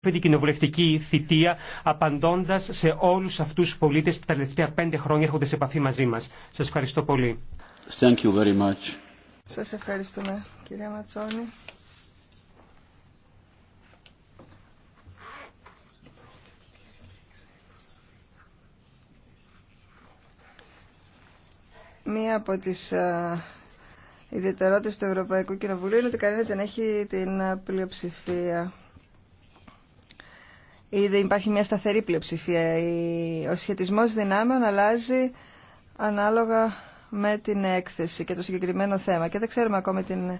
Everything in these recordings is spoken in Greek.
την κοινοβουλευτική θητεία, απαντώντα σε όλου αυτού του πολίτε που τα τελευταία πέντε χρόνια έρχονται σε επαφή μαζί μα. Σα ευχαριστώ πολύ. Thank you very much. Σας ευχαριστούμε, κυρία Ματσόνη. Μία από τις ε, ιδιαιτερότητες του Ευρωπαϊκού Κοινοβουλίου είναι ότι κανένας δεν έχει την πλειοψηφία. Ήδη υπάρχει μια σταθερή πλειοψηφία. Ο σχετισμός δυνάμεων αλλάζει ανάλογα με την έκθεση και το συγκεκριμένο θέμα. Και δεν ξέρουμε ακόμη την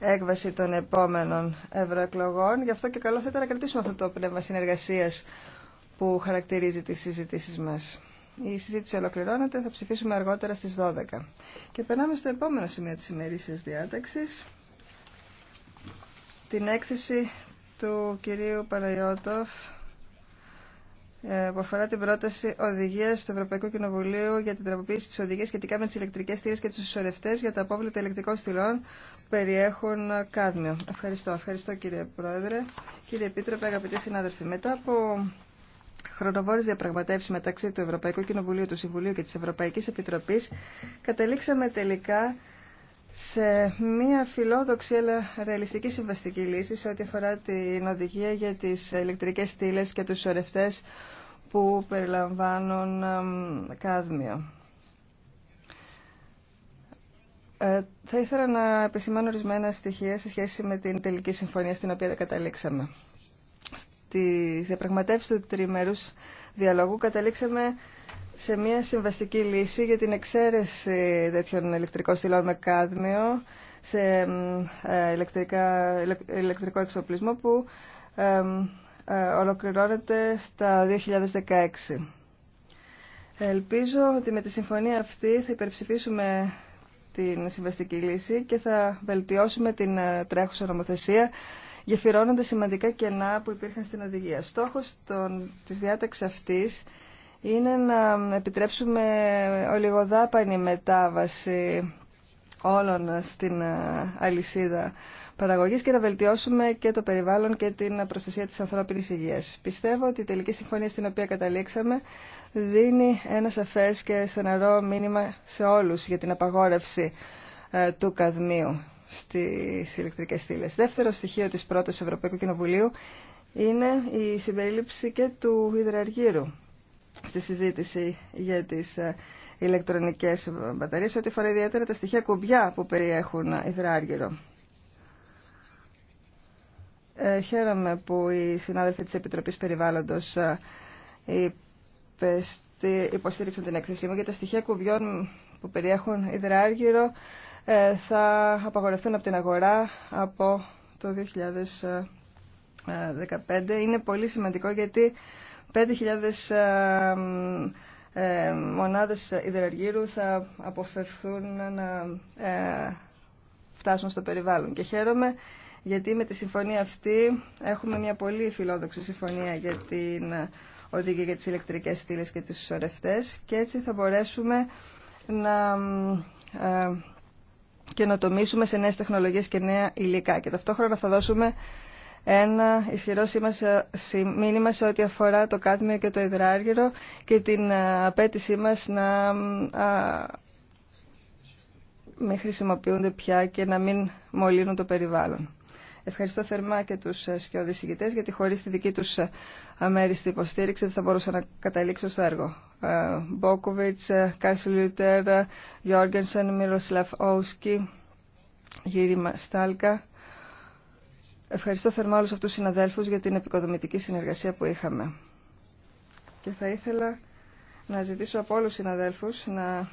έκβαση των επόμενων ευρωεκλογών. Γι' αυτό και καλό θα ήταν να κρατήσουμε αυτό το πνεύμα συνεργασίας που χαρακτηρίζει τις συζητήσεις μας. Η συζήτηση ολοκληρώνεται, θα ψηφίσουμε αργότερα στις 12. Και περνάμε στο επόμενο σημείο της ημερήσιας διάταξης, την έκθεση του κυρίου Παναγιώτοφ ε, που αφορά την πρόταση οδηγία του Ευρωπαϊκού Κοινοβουλίου για την τραποποίηση τη οδηγία σχετικά με τι ηλεκτρικέ στήρες και του ισορρευτέ για τα απόβλητα ηλεκτρικών στυλών που περιέχουν κάδμιο. Ευχαριστώ, ευχαριστώ κύριε Πρόεδρε. Κύριε Επίτροπε, αγαπητοί συνάδελφοι, μετά από χρονοβόρε διαπραγματεύσει μεταξύ του Ευρωπαϊκού Κοινοβουλίου, του Συμβουλίου και τη Ευρωπαϊκή Επιτροπή, καταλήξαμε τελικά σε μία φιλόδοξη αλλά ρεαλιστική συμβαστική λύση σε ό,τι αφορά την οδηγία για τις ηλεκτρικές στήλες και τους σωρευτές που περιλαμβάνουν κάδμιο. Ε, θα ήθελα να επισημάνω ορισμένα στοιχεία σε σχέση με την τελική συμφωνία στην οποία καταλήξαμε. Στη διαπραγματεύση του τριμερούς διαλόγου καταλήξαμε σε μια συμβαστική λύση για την εξαίρεση τέτοιων ηλεκτρικών στυλών με κάδμιο σε ε, ηλεκτρικά, ηλεκτρικό εξοπλισμό που ε, ε, ολοκληρώνεται στα 2016. Ελπίζω ότι με τη συμφωνία αυτή θα υπερψηφίσουμε την συμβαστική λύση και θα βελτιώσουμε την τρέχουσα νομοθεσία γεφυρώνοντας σημαντικά κενά που υπήρχαν στην οδηγία. Στόχος των, της διάταξης αυτής είναι να επιτρέψουμε ολιγοδάπανη μετάβαση όλων στην ε, αλυσίδα παραγωγής και να βελτιώσουμε και το περιβάλλον και την προστασία της ανθρώπινης υγείας. Πιστεύω ότι η τελική συμφωνία στην οποία καταλήξαμε δίνει ένα σαφές και στεναρό μήνυμα σε όλους για την απαγόρευση ε, του καδμίου στις ηλεκτρικές στήλες. Δεύτερο στοιχείο της πρώτης Ευρωπαϊκού Κοινοβουλίου είναι η συμπερίληψη και του υδραργύρου στη συζήτηση για τις ε, ηλεκτρονικές μπαταρίες ό,τι φορά ιδιαίτερα τα στοιχεία κουμπιά που περιέχουν ε, υδράργυρο. Ε, χαίρομαι που οι συνάδελφοι της Επιτροπής Περιβάλλοντος ε, υποστήριξαν την έκθεσή μου για τα στοιχεία κουμπιών που περιέχουν υδράργυρο θα απαγορευτούν από την αγορά από το 2015. Είναι πολύ σημαντικό γιατί 5.000 ε, ε, μονάδες υδραργύρου θα αποφευθούν να ε, φτάσουν στο περιβάλλον. Και χαίρομαι γιατί με τη συμφωνία αυτή έχουμε μια πολύ φιλόδοξη συμφωνία για την οδηγία για τις ηλεκτρικές στήλες και τις σωρευτές και έτσι θα μπορέσουμε να ε, καινοτομήσουμε σε νέες τεχνολογίες και νέα υλικά και ταυτόχρονα θα δώσουμε ένα ισχυρό μήνυμα σε ό,τι αφορά το κάτμιο και το υδράργυρο και την ε, απέτησή μας να μην χρησιμοποιούνται πια και να μην μολύνουν το περιβάλλον. Ευχαριστώ θερμά και τους ε, σκιώδη γιατί χωρίς τη δική τους ε, αμέριστη υποστήριξη δεν θα μπορούσα να καταλήξω στο έργο. Μπόκοβιτς, Λιουτέρ, Μιροσλαφ Στάλκα Ευχαριστώ θερμά όλους αυτούς τους συναδέλφους για την επικοδομητική συνεργασία που είχαμε. Και θα ήθελα να ζητήσω από όλους τους συναδέλφους να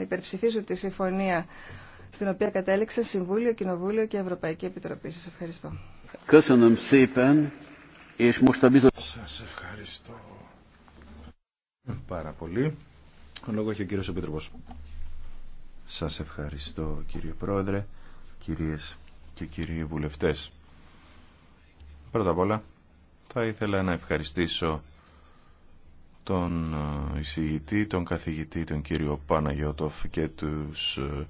υπερψηφίσουν τη συμφωνία στην οποία κατέληξε Συμβούλιο, Κοινοβούλιο και Ευρωπαϊκή Επιτροπή. Σας ευχαριστώ. Σας ευχαριστώ πάρα πολύ. Ο λόγο έχει ο κύριος Επίτροπος. Σας ευχαριστώ κύριε Πρόεδρε, κυρίες και κύριοι βουλευτές. Πρώτα απ' όλα θα ήθελα να ευχαριστήσω τον ε, εισηγητή, τον καθηγητή, τον κύριο Παναγιώτοφ και τους ε,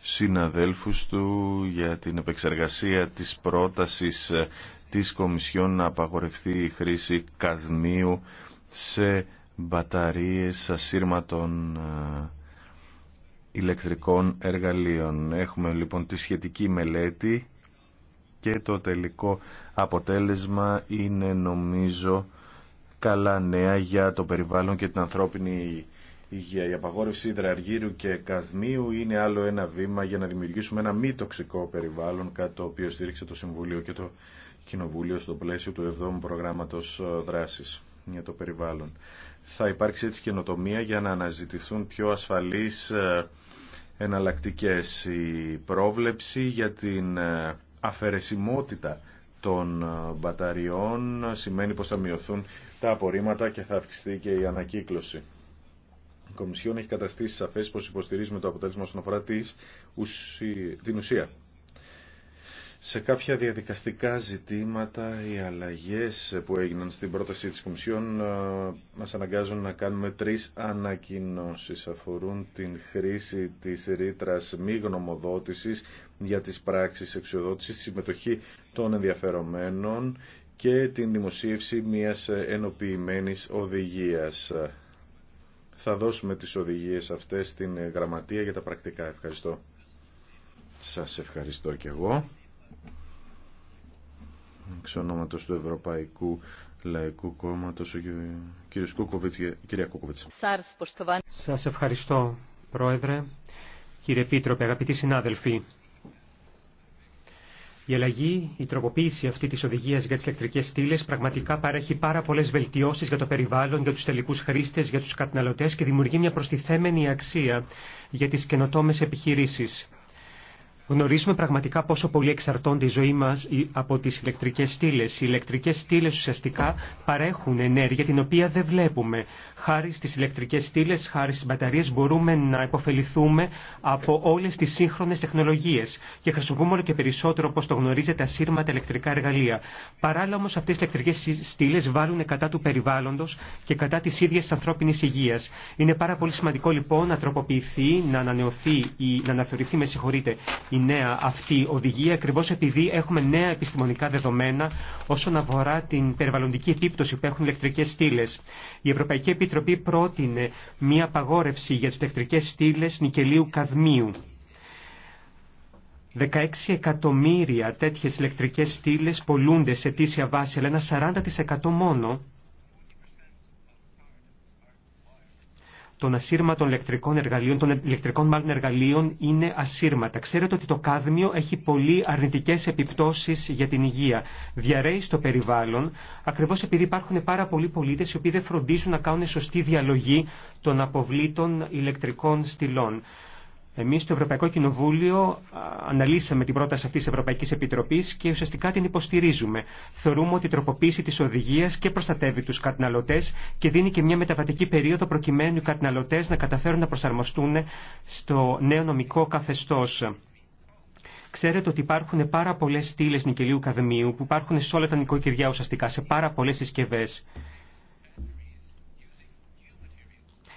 συναδέλφους του για την επεξεργασία της πρότασης ε, της Κομισιόν να απαγορευτεί η χρήση καδμίου σε μπαταρίες ασύρματων ηλεκτρικών εργαλείων. Έχουμε λοιπόν τη σχετική μελέτη και το τελικό αποτέλεσμα είναι νομίζω καλά νέα για το περιβάλλον και την ανθρώπινη υγεία. Η απαγόρευση υδραργύρου και καδμίου είναι άλλο ένα βήμα για να δημιουργήσουμε ένα μη τοξικό περιβάλλον, κάτι το οποίο στήριξε το Συμβούλιο και το Κοινοβούλιο στο πλαίσιο του 7ου προγράμματος ε, δράσης για το περιβάλλον. Θα υπάρξει έτσι καινοτομία για να αναζητηθούν πιο ασφαλείς ε, εναλλακτικές. Η πρόβλεψη για την ε, αφαιρεσιμότητα των ε, μπαταριών σημαίνει πως θα μειωθούν τα απορρίμματα και θα αυξηθεί και η ανακύκλωση. Η Κομισιόν έχει καταστήσει σαφές πως υποστηρίζουμε το αποτέλεσμα όσον αφορά την ουσία σε κάποια διαδικαστικά ζητήματα οι αλλαγές που έγιναν στην πρόταση της Κομισιόν ε, μας αναγκάζουν να κάνουμε τρεις ανακοινώσεις. Αφορούν την χρήση της ρήτρα μη γνωμοδότησης για τις πράξεις εξοδότησης, συμμετοχή των ενδιαφερομένων και την δημοσίευση μιας ενοποιημένης οδηγίας. Θα δώσουμε τις οδηγίες αυτές στην γραμματεία για τα πρακτικά. Ευχαριστώ. Σας ευχαριστώ και εγώ εξ ονόματος του Ευρωπαϊκού Λαϊκού Κόμματος, ο Κούκοβιτς, κυρία Σας ευχαριστώ, Πρόεδρε, κύριε Επίτροπε, αγαπητοί συνάδελφοι. Η αλλαγή, η τροποποίηση αυτή τη οδηγία για τι ηλεκτρικέ στήλε πραγματικά παρέχει πάρα πολλέ βελτιώσει για το περιβάλλον, για του τελικού χρήστε, για του καταναλωτέ και δημιουργεί μια προστιθέμενη αξία για τι καινοτόμε επιχειρήσει. Γνωρίζουμε πραγματικά πόσο πολύ εξαρτώνται η ζωή μα από τι ηλεκτρικέ στήλε. Οι ηλεκτρικέ στήλε ουσιαστικά παρέχουν ενέργεια την οποία δεν βλέπουμε. Χάρη στι ηλεκτρικέ στήλε, χάρη στι μπαταρίε μπορούμε να υποφεληθούμε από όλε τι σύγχρονε τεχνολογίε και χρησιμοποιούμε όλο και περισσότερο, όπω το γνωρίζετε, ασύρματα ηλεκτρικά εργαλεία. Παράλληλα όμω αυτέ οι ηλεκτρικέ στήλε βάλουν κατά του περιβάλλοντο και κατά τη ίδια τη ανθρώπινη υγεία. Είναι πάρα πολύ σημαντικό λοιπόν να τροποποιηθεί, να ανανεωθεί, ή να αναθεωρηθεί, με συγχωρείτε, η νέα αυτή οδηγία ακριβώ επειδή έχουμε νέα επιστημονικά δεδομένα όσον αφορά την περιβαλλοντική επίπτωση που έχουν ηλεκτρικέ στήλε. Η Ευρωπαϊκή Επιτροπή πρότεινε μία απαγόρευση για τι ηλεκτρικές στήλε νικελίου καδμίου. 16 εκατομμύρια τέτοιες ηλεκτρικές στήλες πολλούνται σε αιτήσια βάση, αλλά ένα 40% μόνο των ασύρματων ηλεκτρικών εργαλείων, των ηλεκτρικών μάλλον εργαλείων είναι ασύρματα. Ξέρετε ότι το κάδμιο έχει πολύ αρνητικές επιπτώσεις για την υγεία. Διαρρέει στο περιβάλλον, ακριβώς επειδή υπάρχουν πάρα πολλοί πολίτε οι οποίοι δεν φροντίζουν να κάνουν σωστή διαλογή των αποβλήτων ηλεκτρικών στυλών. Εμεί στο Ευρωπαϊκό Κοινοβούλιο αναλύσαμε την πρόταση αυτή τη Ευρωπαϊκή Επιτροπή και ουσιαστικά την υποστηρίζουμε. Θεωρούμε ότι η τροποποίηση τη οδηγία και προστατεύει του καταναλωτέ και δίνει και μια μεταβατική περίοδο προκειμένου οι καταναλωτέ να καταφέρουν να προσαρμοστούν στο νέο νομικό καθεστώ. Ξέρετε ότι υπάρχουν πάρα πολλέ στήλε νικελίου καδμίου που υπάρχουν σε όλα τα νοικοκυριά ουσιαστικά, σε πάρα πολλέ συσκευέ.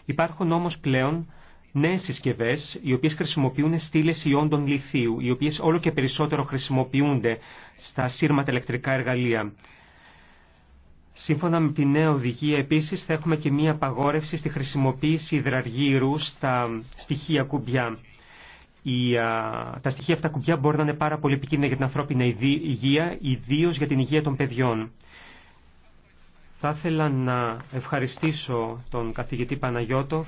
Υπάρχουν όμω πλέον νέες συσκευές οι οποίες χρησιμοποιούν στήλες ιόντων λιθίου, οι οποίες όλο και περισσότερο χρησιμοποιούνται στα σύρματα ηλεκτρικά εργαλεία. Σύμφωνα με τη νέα οδηγία επίσης θα έχουμε και μία απαγόρευση στη χρησιμοποίηση υδραργύρου στα στοιχεία κουμπιά. Η, τα στοιχεία αυτά κουμπιά μπορεί να είναι πάρα πολύ επικίνδυνα για την ανθρώπινη υγεία, ιδίω για την υγεία των παιδιών. Θα ήθελα να ευχαριστήσω τον καθηγητή Παναγιώτοφ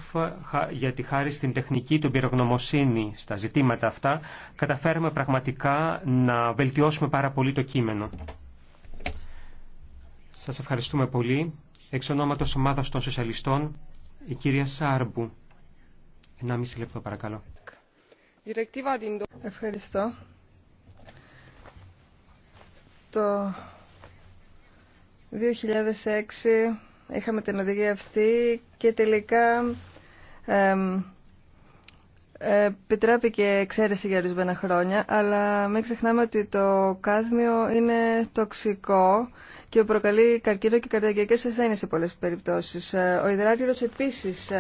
τη χάρη στην τεχνική του πυρογνωμοσύνη στα ζητήματα αυτά καταφέραμε πραγματικά να βελτιώσουμε πάρα πολύ το κείμενο. Σας ευχαριστούμε πολύ. Εξ ονόματος ομάδας των Σοσιαλιστών, η κυρία Σάρμπου. μισή λεπτό παρακαλώ. Ευχαριστώ. Το 2006 είχαμε την οδηγία αυτή και τελικά εμ, επιτράπηκε εξαίρεση για ορισμένα χρόνια, αλλά μην ξεχνάμε ότι το κάδμιο είναι τοξικό και προκαλεί καρκίνο και καρδιακές ασθένειες σε πολλές περιπτώσεις. Ο υδράτυρος επίσης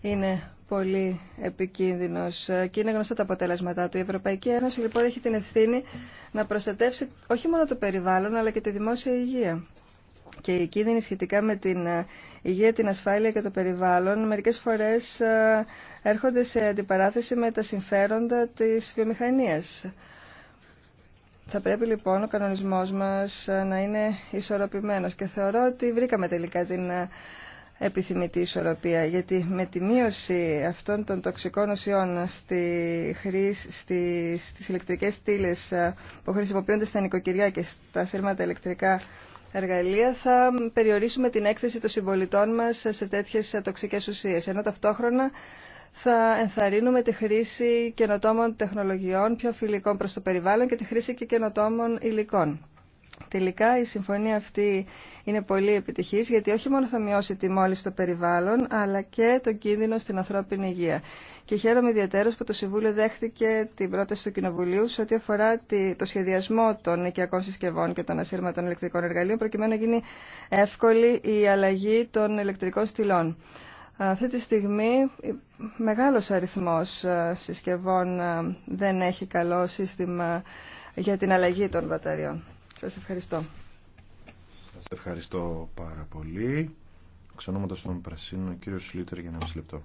είναι πολύ επικίνδυνος και είναι γνωστά τα αποτέλεσματά του. Η Ευρωπαϊκή Ένωση λοιπόν έχει την ευθύνη να προστατεύσει όχι μόνο το περιβάλλον αλλά και τη δημόσια υγεία και οι κίνδυνοι σχετικά με την ε, υγεία, την ασφάλεια και το περιβάλλον μερικές φορές ε, έρχονται σε αντιπαράθεση με τα συμφέροντα της βιομηχανίας. Θα πρέπει λοιπόν ο κανονισμός μας ε, να είναι ισορροπημένος και θεωρώ ότι βρήκαμε τελικά την επιθυμητή ισορροπία γιατί με τη μείωση αυτών των τοξικών ουσιών στη χρήση, στις, στις ηλεκτρικές στήλες που χρησιμοποιούνται στα νοικοκυριά και στα σύρματα ηλεκτρικά εργαλεία θα περιορίσουμε την έκθεση των συμπολιτών μας σε τέτοιες τοξικές ουσίες, ενώ ταυτόχρονα θα ενθαρρύνουμε τη χρήση καινοτόμων τεχνολογιών πιο φιλικών προς το περιβάλλον και τη χρήση και καινοτόμων υλικών. Τελικά η συμφωνία αυτή είναι πολύ επιτυχής γιατί όχι μόνο θα μειώσει τη μόλις στο περιβάλλον αλλά και το κίνδυνο στην ανθρώπινη υγεία. Και χαίρομαι ιδιαίτερα που το Συμβούλιο δέχτηκε την πρόταση του Κοινοβουλίου σε ό,τι αφορά το σχεδιασμό των οικιακών συσκευών και των ασύρματων ηλεκτρικών εργαλείων προκειμένου να γίνει εύκολη η αλλαγή των ηλεκτρικών στυλών. Αυτή τη στιγμή μεγάλος αριθμός ε, συσκευών ε, δεν έχει καλό σύστημα για την αλλαγή των μπαταριών. Σας ευχαριστώ. Σας ευχαριστώ πάρα πολύ. Ξανόματος τον Πρασίνο, ο κύριος Σλίτερ για ένα λεπτό.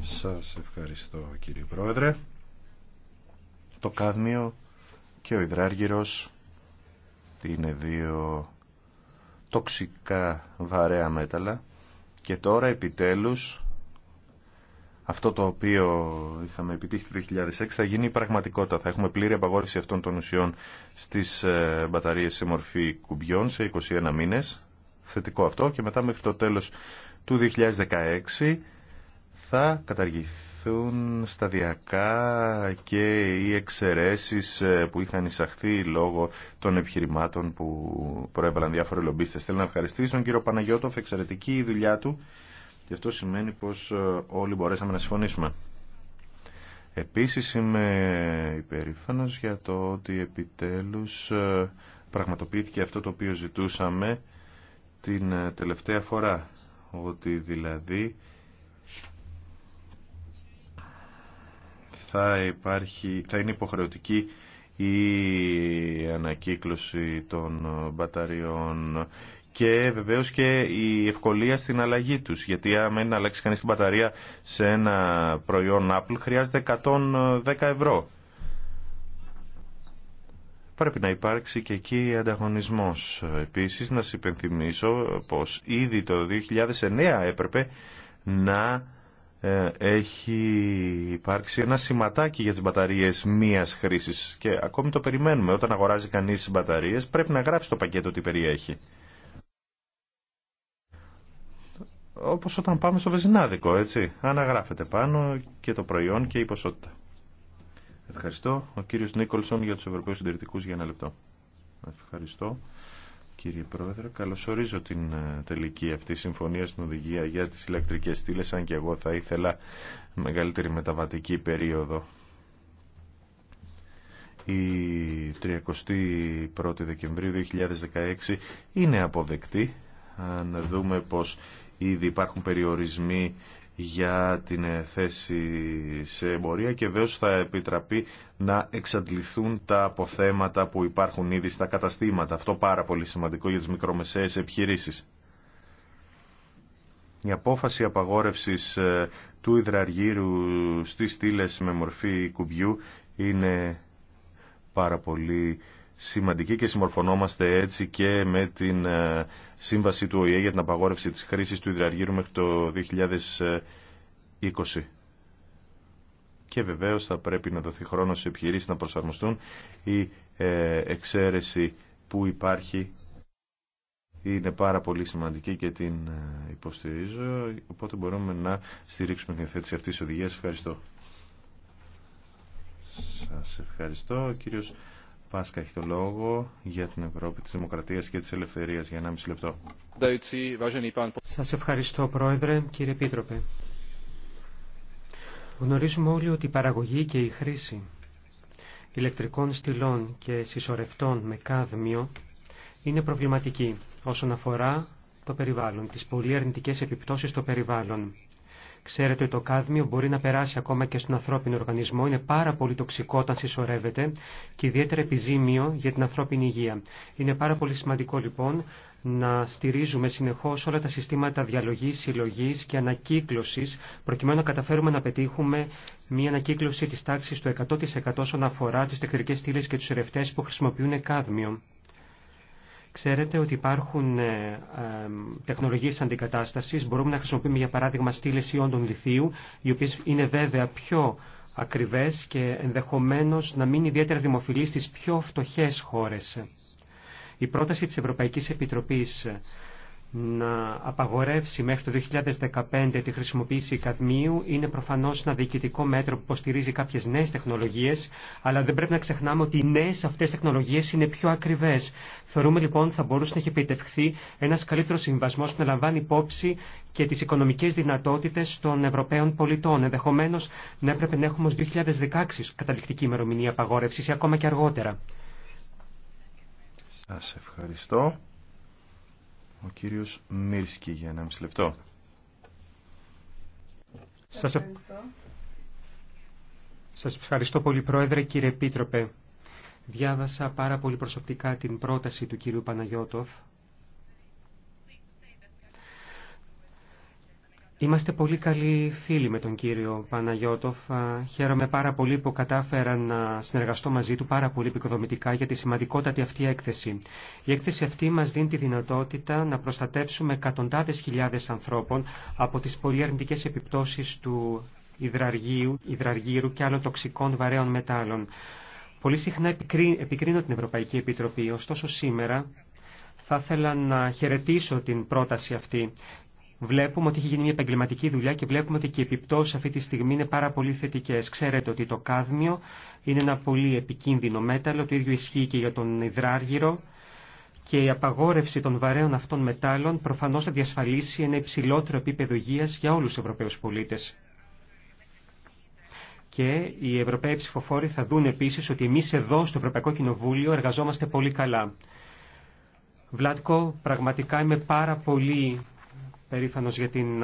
Σας ευχαριστώ κύριε Πρόεδρε. Το κάδμιο και ο υδράργυρος είναι δύο τοξικά βαρέα μέταλλα και τώρα επιτέλους αυτό το οποίο είχαμε επιτύχει το 2006 θα γίνει πραγματικότητα. Θα έχουμε πλήρη απαγόρευση αυτών των ουσιών στις ε, μπαταρίες σε μορφή κουμπιών σε 21 μήνες. Θετικό αυτό και μετά μέχρι το τέλος του 2016 θα καταργηθούν σταδιακά και οι εξαιρεσει ε, που είχαν εισαχθεί λόγω των επιχειρημάτων που προέβαλαν διάφοροι λομπίστες. Θέλω να ευχαριστήσω τον κύριο Παναγιώτοφ, εξαιρετική η δουλειά του και αυτό σημαίνει πως ε, όλοι μπορέσαμε να συμφωνήσουμε. Επίσης είμαι υπερήφανος για το ότι επιτέλους ε, πραγματοποιήθηκε αυτό το οποίο ζητούσαμε την ε, τελευταία φορά. Ότι δηλαδή θα, υπάρχει, θα είναι υποχρεωτική η ανακύκλωση των μπαταριών και βεβαίως και η ευκολία στην αλλαγή τους. Γιατί αν αλλάξει κανείς την μπαταρία σε ένα προϊόν Apple χρειάζεται 110 ευρώ. Πρέπει να υπάρξει και εκεί ανταγωνισμός. Επίσης να σας υπενθυμίσω πως ήδη το 2009 έπρεπε να ε, έχει υπάρξει ένα σηματάκι για τις μπαταρίες μίας χρήσης και ακόμη το περιμένουμε. Όταν αγοράζει κανείς τις μπαταρίες πρέπει να γράψει το πακέτο τι περιέχει. όπως όταν πάμε στο βεζινάδικο, έτσι. Αναγράφεται πάνω και το προϊόν και η ποσότητα. Ευχαριστώ. Ο κύριος Νίκολσον για τους Ευρωπαίους Συντηρητικούς για ένα λεπτό. Ευχαριστώ. Κύριε Πρόεδρε, καλωσορίζω την ε, τελική αυτή συμφωνία στην οδηγία για τις ηλεκτρικές στήλες, αν και εγώ θα ήθελα μεγαλύτερη μεταβατική περίοδο. Η 31η Δεκεμβρίου 2016 είναι αποδεκτή αν δούμε πως Ήδη υπάρχουν περιορισμοί για την θέση σε εμπορία και βέβαια θα επιτραπεί να εξαντληθούν τα αποθέματα που υπάρχουν ήδη στα καταστήματα. Αυτό πάρα πολύ σημαντικό για τις μικρομεσαίες επιχειρήσεις. Η απόφαση απαγόρευσης ε, του υδραργύρου στις στήλες με μορφή κουμπιού είναι πάρα πολύ σημαντική και συμμορφωνόμαστε έτσι και με την ε, σύμβαση του ΟΗΕ για την απαγόρευση της χρήσης του υδραργύρου μέχρι το 2020. Και βεβαίως θα πρέπει να δοθεί χρόνο σε επιχειρήσεις να προσαρμοστούν η ε, εξαίρεση που υπάρχει είναι πάρα πολύ σημαντική και την ε, υποστηρίζω, οπότε μπορούμε να στηρίξουμε την θέση αυτής της οδηγίας. Ευχαριστώ. Σας ευχαριστώ, Πάσκα έχει το λόγο για την Ευρώπη της Δημοκρατίας και της Ελευθερίας για 1,5 λεπτό. Σας ευχαριστώ Πρόεδρε, κύριε Επίτροπε. Γνωρίζουμε όλοι ότι η παραγωγή και η χρήση ηλεκτρικών στυλών και συσσωρευτών με κάδμιο είναι προβληματική όσον αφορά το περιβάλλον, τις πολύ αρνητικές επιπτώσεις στο περιβάλλον. Ξέρετε ότι το κάδμιο μπορεί να περάσει ακόμα και στον ανθρώπινο οργανισμό, είναι πάρα πολύ τοξικό όταν συσσωρεύεται και ιδιαίτερα επιζήμιο για την ανθρώπινη υγεία. Είναι πάρα πολύ σημαντικό λοιπόν να στηρίζουμε συνεχώ όλα τα συστήματα διαλογή, συλλογή και ανακύκλωση, προκειμένου να καταφέρουμε να πετύχουμε μια ανακύκλωση τη τάξη του 100% όσον αφορά τι τεχνικέ στήλε και του ερευτές που χρησιμοποιούν κάδμιο. Ξέρετε ότι υπάρχουν ε, ε, τεχνολογίες αντικατάστασης. Μπορούμε να χρησιμοποιούμε για παράδειγμα στήλες ιόντων λιθίου, οι οποίες είναι βέβαια πιο ακριβές και ενδεχομένως να μην ιδιαίτερα δημοφιλείς στις πιο φτωχές χώρες. Η πρόταση της Ευρωπαϊκής Επιτροπής να απαγορεύσει μέχρι το 2015 τη χρησιμοποίηση καδμίου είναι προφανώς ένα διοικητικό μέτρο που υποστηρίζει κάποιες νέες τεχνολογίες, αλλά δεν πρέπει να ξεχνάμε ότι οι νέες αυτές τεχνολογίες είναι πιο ακριβές. Θεωρούμε λοιπόν ότι θα μπορούσε να έχει επιτευχθεί ένας καλύτερος συμβασμός που να λαμβάνει υπόψη και τις οικονομικές δυνατότητες των Ευρωπαίων πολιτών. Ενδεχομένω να έπρεπε να έχουμε ως 2016 καταληκτική ημερομηνία απαγόρευσης ή ακόμα και αργότερα. Σας ευχαριστώ ο κύριος Μίρσκι για ένα μισή λεπτό. Σας ευχαριστώ. Σας ευχαριστώ πολύ Πρόεδρε κύριε Επίτροπε. Διάβασα πάρα πολύ προσωπικά την πρόταση του κύριου Παναγιώτοφ Είμαστε πολύ καλοί φίλοι με τον κύριο Παναγιώτοφ. Χαίρομαι πάρα πολύ που κατάφερα να συνεργαστώ μαζί του πάρα πολύ επικοδομητικά για τη σημαντικότατη αυτή έκθεση. Η έκθεση αυτή μας δίνει τη δυνατότητα να προστατεύσουμε εκατοντάδες χιλιάδες ανθρώπων από τις πολύ αρνητικέ επιπτώσεις του υδραργίου, υδραργύρου και άλλων τοξικών βαρέων μετάλλων. Πολύ συχνά επικρίνω την Ευρωπαϊκή Επιτροπή, ωστόσο σήμερα θα ήθελα να χαιρετήσω την πρόταση αυτή. Βλέπουμε ότι έχει γίνει μια επαγγελματική δουλειά και βλέπουμε ότι και οι επιπτώσει αυτή τη στιγμή είναι πάρα πολύ θετικέ. Ξέρετε ότι το κάδμιο είναι ένα πολύ επικίνδυνο μέταλλο, το ίδιο ισχύει και για τον υδράργυρο και η απαγόρευση των βαρέων αυτών μετάλλων προφανώ θα διασφαλίσει ένα υψηλότερο επίπεδο υγεία για όλου του Ευρωπαίου πολίτε. Και οι Ευρωπαίοι ψηφοφόροι θα δουν επίση ότι εμεί εδώ στο Ευρωπαϊκό Κοινοβούλιο εργαζόμαστε πολύ καλά. Βλάτκο, πραγματικά είμαι πάρα πολύ περήφανο για την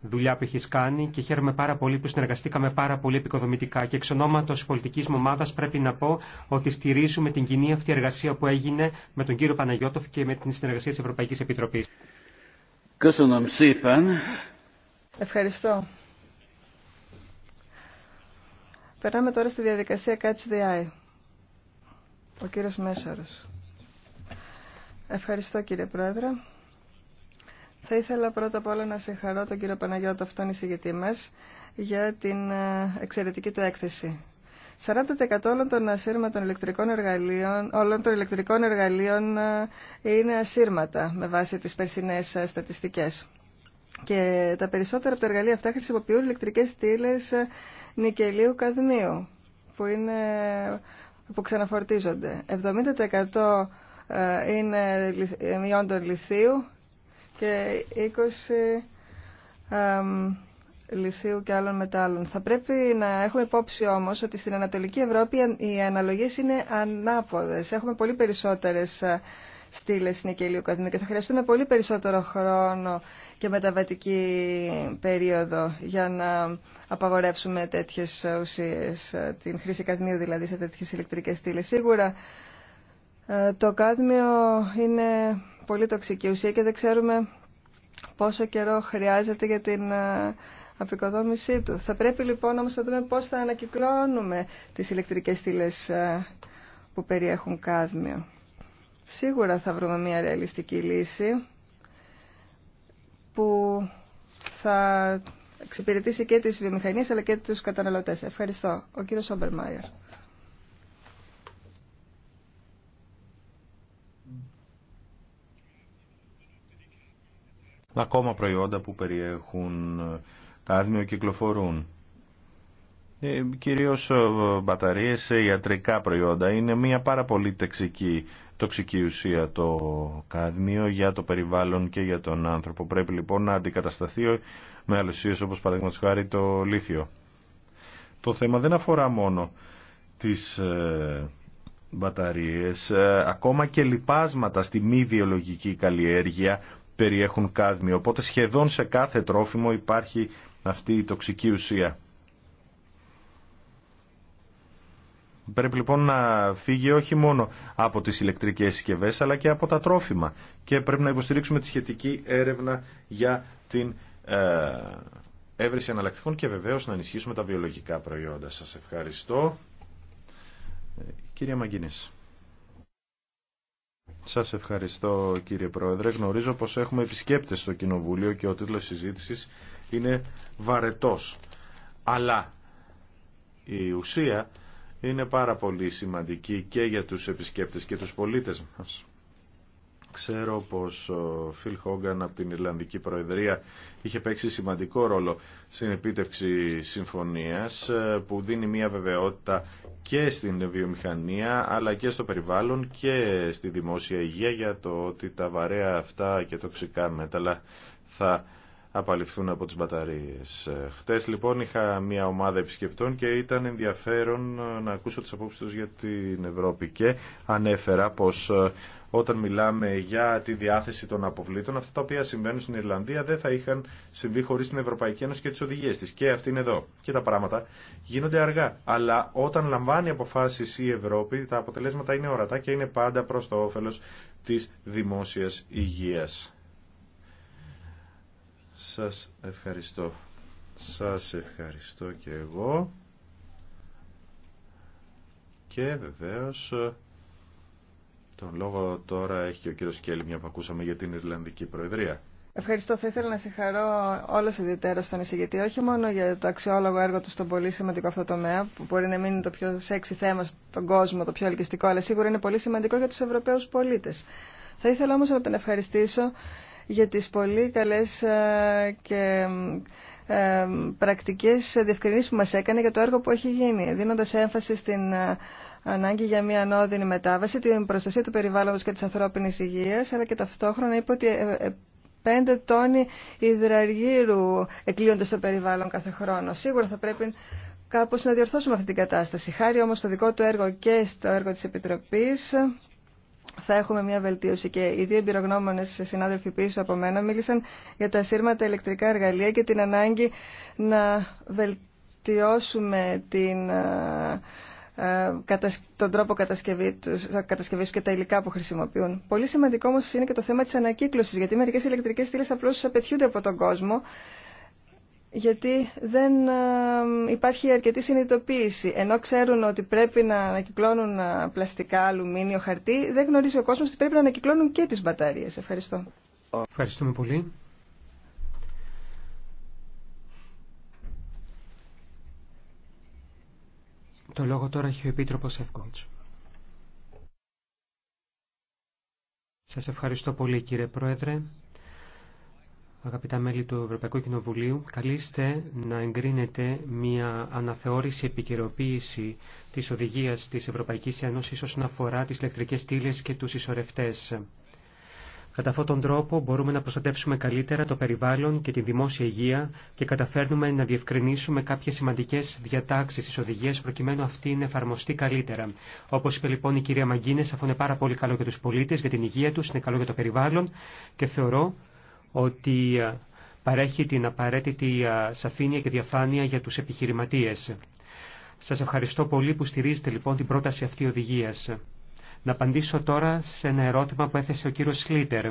δουλειά που έχει κάνει και χαίρομαι πάρα πολύ που συνεργαστήκαμε πάρα πολύ επικοδομητικά. Και εξ ονόματο πολιτική μου ομάδα πρέπει να πω ότι στηρίζουμε την κοινή αυτή εργασία που έγινε με τον κύριο Παναγιώτοφ και με την συνεργασία τη Ευρωπαϊκή Επιτροπή. Ευχαριστώ. Περάμε τώρα στη διαδικασία Catch the Eye. Ο κύριος Μέσαρος. Ευχαριστώ κύριε Πρόεδρε. Θα ήθελα πρώτα απ' όλα να συγχαρώ τον κύριο Παναγιώτο αυτόν εισηγητή μας, για την ε, εξαιρετική του έκθεση. 40% όλων των ασύρματων ηλεκτρικών εργαλείων, όλων των ηλεκτρικών εργαλείων ε, είναι ασύρματα με βάση τις περσινές ε, στατιστικές. Και τα περισσότερα από τα εργαλεία αυτά χρησιμοποιούν ηλεκτρικές στήλες νικελίου καδμίου που, είναι, που ξαναφορτίζονται. 70% είναι των λιθίου και 20 λιθίου και άλλων μετάλλων. Θα πρέπει να έχουμε υπόψη όμως ότι στην Ανατολική Ευρώπη οι αναλογίες είναι ανάποδες. Έχουμε πολύ περισσότερες ε, στήλες νικελίου και θα χρειαστούμε πολύ περισσότερο χρόνο και μεταβατική περίοδο για να απαγορεύσουμε τέτοιες ουσίες, ε, την χρήση καδμίου δηλαδή σε τέτοιες ηλεκτρικές στήλες. Σίγουρα ε, το κάδμιο είναι πολύ τοξική ουσία και δεν ξέρουμε πόσο καιρό χρειάζεται για την ε, απεικοδόμησή του. Θα πρέπει λοιπόν όμως να δούμε πώς θα ανακυκλώνουμε τις ηλεκτρικές στήλες ε, που περιέχουν κάδμιο. Σίγουρα θα βρούμε μια ρεαλιστική λύση που θα εξυπηρετήσει και τις βιομηχανίες αλλά και τους καταναλωτές. Ευχαριστώ. Ο κύριος ακόμα προϊόντα που περιέχουν ε, κάδμιο κυκλοφορούν. Ε, κυρίως ε, μπαταρίες, ε, ιατρικά προϊόντα. Είναι μια πάρα πολύ τεξική, τοξική ουσία το κάδμιο για το περιβάλλον και για τον άνθρωπο. Πρέπει λοιπόν να αντικατασταθεί με άλλες όπως παραδείγματος χάρη το λίθιο. Το θέμα δεν αφορά μόνο τις μπαταρίες, ακόμα και λιπάσματα στη μη βιολογική καλλιέργεια περιέχουν κάδμιο. Οπότε σχεδόν σε κάθε τρόφιμο υπάρχει αυτή η τοξική ουσία. Πρέπει λοιπόν να φύγει όχι μόνο από τις ηλεκτρικές συσκευέ, αλλά και από τα τρόφιμα. Και πρέπει να υποστηρίξουμε τη σχετική έρευνα για την ε, έβρεση αναλλακτικών και βεβαίως να ενισχύσουμε τα βιολογικά προϊόντα. Σας ευχαριστώ. Ε, κυρία Μαγκίνης. Σας ευχαριστώ κύριε Πρόεδρε. Γνωρίζω πως έχουμε επισκέπτες στο Κοινοβούλιο και ο τίτλος συζήτησης είναι βαρετός. Αλλά η ουσία είναι πάρα πολύ σημαντική και για τους επισκέπτες και τους πολίτες μας. Ξέρω πως ο Φιλ Χόγκαν από την Ιρλανδική Προεδρία είχε παίξει σημαντικό ρόλο στην επίτευξη συμφωνίας ε, που δίνει μια βεβαιότητα και στην βιομηχανία αλλά και στο περιβάλλον και στη δημόσια υγεία για το ότι τα βαρέα αυτά και τοξικά μέταλλα θα απαλληφθούν από τις μπαταρίες. Ε, χτες λοιπόν είχα μια ομάδα επισκεπτών και ήταν ενδιαφέρον ε, να ακούσω τις απόψεις τους για την Ευρώπη και ανέφερα πως ε, όταν μιλάμε για τη διάθεση των αποβλήτων, αυτά τα οποία συμβαίνουν στην Ιρλανδία δεν θα είχαν συμβεί χωρίς την Ευρωπαϊκή Ένωση και τις οδηγίες της. Και αυτή είναι εδώ. Και τα πράγματα γίνονται αργά. Αλλά όταν λαμβάνει αποφάσεις η Ευρώπη, τα αποτελέσματα είναι ορατά και είναι πάντα προς το όφελος της δημόσιας υγείας. Σας ευχαριστώ. Σας ευχαριστώ και εγώ. Και βεβαίως τον λόγο τώρα έχει και ο κύριος Κέλλη μια που ακούσαμε για την Ιρλανδική Προεδρία. Ευχαριστώ. Θα ήθελα να συγχαρώ όλους ιδιαίτερα στον εισηγητή, όχι μόνο για το αξιόλογο έργο του στον πολύ σημαντικό αυτό τομέα, που μπορεί να μείνει το πιο σεξι θέμα στον κόσμο, το πιο ελκυστικό, αλλά σίγουρα είναι πολύ σημαντικό για τους Ευρωπαίους πολίτες. Θα ήθελα όμως να τον ευχαριστήσω για τις πολύ καλές ε, και ε, πρακτικές διευκρινήσεις που μας έκανε για το έργο που έχει γίνει, δίνοντας έμφαση στην ε, ανάγκη για μια ανώδυνη μετάβαση, την προστασία του περιβάλλοντος και της ανθρώπινης υγείας, αλλά και ταυτόχρονα είπε ότι πέντε τόνοι υδραργύρου εκλείονται στο περιβάλλον κάθε χρόνο. Σίγουρα θα πρέπει κάπως να διορθώσουμε αυτή την κατάσταση. Χάρη όμως στο δικό του έργο και στο έργο της Επιτροπής θα έχουμε μια βελτίωση. Και οι δύο εμπειρογνώμονε συνάδελφοι πίσω από μένα μίλησαν για τα σύρματα ηλεκτρικά εργαλεία και την ανάγκη να βελτιώσουμε την, ε, ε, τον τρόπο κατασκευή ε, κατασκευής και τα υλικά που χρησιμοποιούν. Πολύ σημαντικό όμω είναι και το θέμα της ανακύκλωσης γιατί μερικές ηλεκτρικές στήλες απλώς απαιτιούνται από τον κόσμο γιατί δεν ε, υπάρχει αρκετή συνειδητοποίηση. Ενώ ξέρουν ότι πρέπει να ανακυκλώνουν ε, πλαστικά, αλουμίνιο, χαρτί, δεν γνωρίζει ο κόσμος ότι πρέπει να ανακυκλώνουν και τις μπαταρίες. Ευχαριστώ. Ευχαριστούμε πολύ. Το λόγο τώρα έχει ο Επίτροπος Ευκόντς. Σας ευχαριστώ πολύ κύριε Πρόεδρε. Αγαπητά μέλη του Ευρωπαϊκού Κοινοβουλίου, καλείστε να εγκρίνετε μια αναθεώρηση επικαιροποίηση της οδηγίας της Ευρωπαϊκής Ένωσης όσον αφορά τις ηλεκτρικές στήλες και τους ισορρευτές. Κατά αυτόν τον τρόπο μπορούμε να προστατεύσουμε καλύτερα το περιβάλλον και τη δημόσια υγεία και καταφέρνουμε να διευκρινίσουμε κάποιες σημαντικές διατάξεις στις οδηγίες προκειμένου αυτή να εφαρμοστεί καλύτερα. Όπως είπε λοιπόν η κυρία Μαγκίνες, αφού είναι πάρα πολύ καλό για τους πολίτες, για την υγεία τους, είναι καλό για το περιβάλλον και θεωρώ ότι ε, παρέχει την απαραίτητη ε, σαφήνεια και διαφάνεια για τους επιχειρηματίες. Σας ευχαριστώ πολύ που στηρίζετε λοιπόν την πρόταση αυτή οδηγίας. Να απαντήσω τώρα σε ένα ερώτημα που έθεσε ο κύριος Σλίτερ.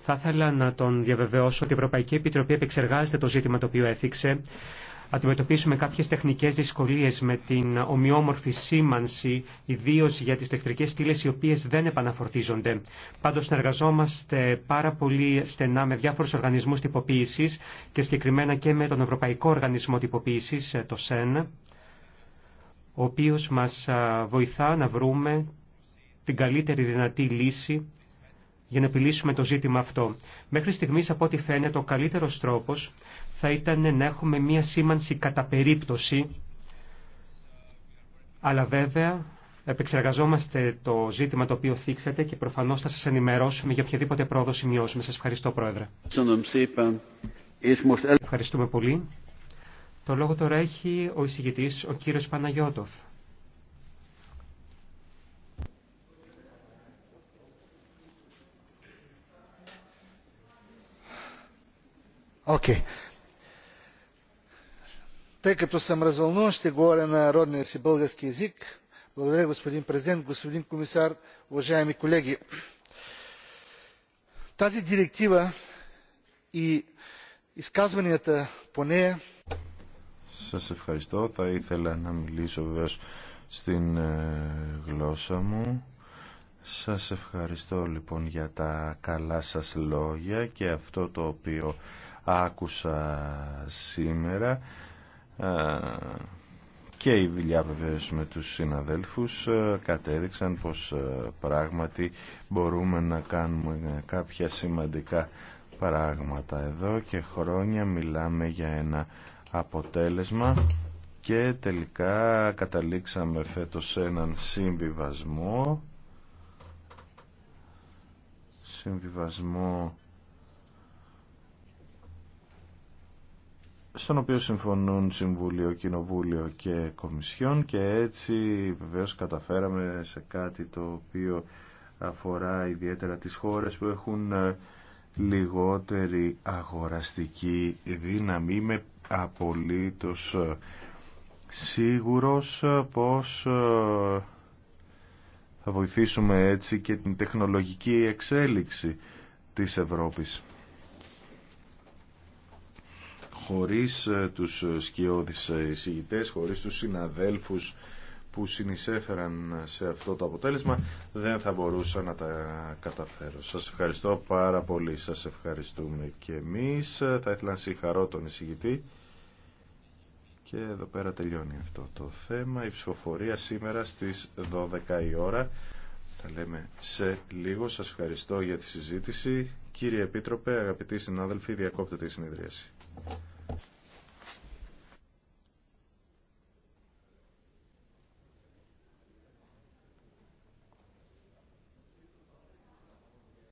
Θα ήθελα να τον διαβεβαιώσω ότι η Ευρωπαϊκή Επιτροπή επεξεργάζεται το ζήτημα το οποίο έθιξε αντιμετωπίσουμε κάποιες τεχνικές δυσκολίες με την ομοιόμορφη σήμανση, ιδίω για τις ηλεκτρικές στήλες οι οποίες δεν επαναφορτίζονται. Πάντως συνεργαζόμαστε πάρα πολύ στενά με διάφορους οργανισμούς τυποποίησης και συγκεκριμένα και με τον Ευρωπαϊκό Οργανισμό Τυποποίησης, το ΣΕΝ, ο οποίος μας βοηθά να βρούμε την καλύτερη δυνατή λύση για να επιλύσουμε το ζήτημα αυτό. Μέχρι στιγμής, από ό,τι φαίνεται, ο καλύτερος τρόπος θα ήταν να έχουμε μία σήμανση κατά περίπτωση, αλλά βέβαια επεξεργαζόμαστε το ζήτημα το οποίο θίξατε και προφανώς θα σας ενημερώσουμε για οποιαδήποτε πρόοδο σημειώσουμε. Σας ευχαριστώ Πρόεδρε. Ευχαριστούμε πολύ. Το λόγο τώρα έχει ο εισηγητής, ο κύριος Παναγιώτοφ. Okay. Тъй като съм развълнуван, ще говоря на родния си български язик. Благодаря, господин президент, господин комисар, уважаеми колеги. Тази директива и изказванията по нея. Σα ευχαριστώ. Θα ήθελα να μιλήσω βεβαίω στην ε, γλώσσα μου. Σα ευχαριστώ λοιπόν για τα καλά σα λόγια και αυτό το οποίο άκουσα σήμερα ε, και η δουλειά βεβαίω με τους συναδέλφους ε, κατέδειξαν πως ε, πράγματι μπορούμε να κάνουμε κάποια σημαντικά πράγματα εδώ και χρόνια μιλάμε για ένα αποτέλεσμα και τελικά καταλήξαμε φέτος σε έναν συμβιβασμό συμβιβασμό στον οποίο συμφωνούν Συμβούλιο, Κοινοβούλιο και Κομισιόν και έτσι βεβαίως καταφέραμε σε κάτι το οποίο αφορά ιδιαίτερα τις χώρες που έχουν ε, λιγότερη αγοραστική δύναμη. Είμαι απολύτως ε, σίγουρος ε, πως θα βοηθήσουμε έτσι και την τεχνολογική εξέλιξη της Ευρώπης χωρίς ε, τους ε, σκιώδεις ε, εισηγητές, χωρίς τους συναδέλφους που συνεισέφεραν σε αυτό το αποτέλεσμα δεν θα μπορούσα να τα καταφέρω. Σας ευχαριστώ πάρα πολύ. Σας ευχαριστούμε και εμείς. Θα ήθελα να συγχαρώ τον εισηγητή. Και εδώ πέρα τελειώνει αυτό το θέμα. Η ψηφοφορία σήμερα στις 12 η ώρα. Θα λέμε σε λίγο. Σας ευχαριστώ για τη συζήτηση. Κύριε Επίτροπε, αγαπητοί συνάδελφοι, διακόπτεται η συνεδρίαση.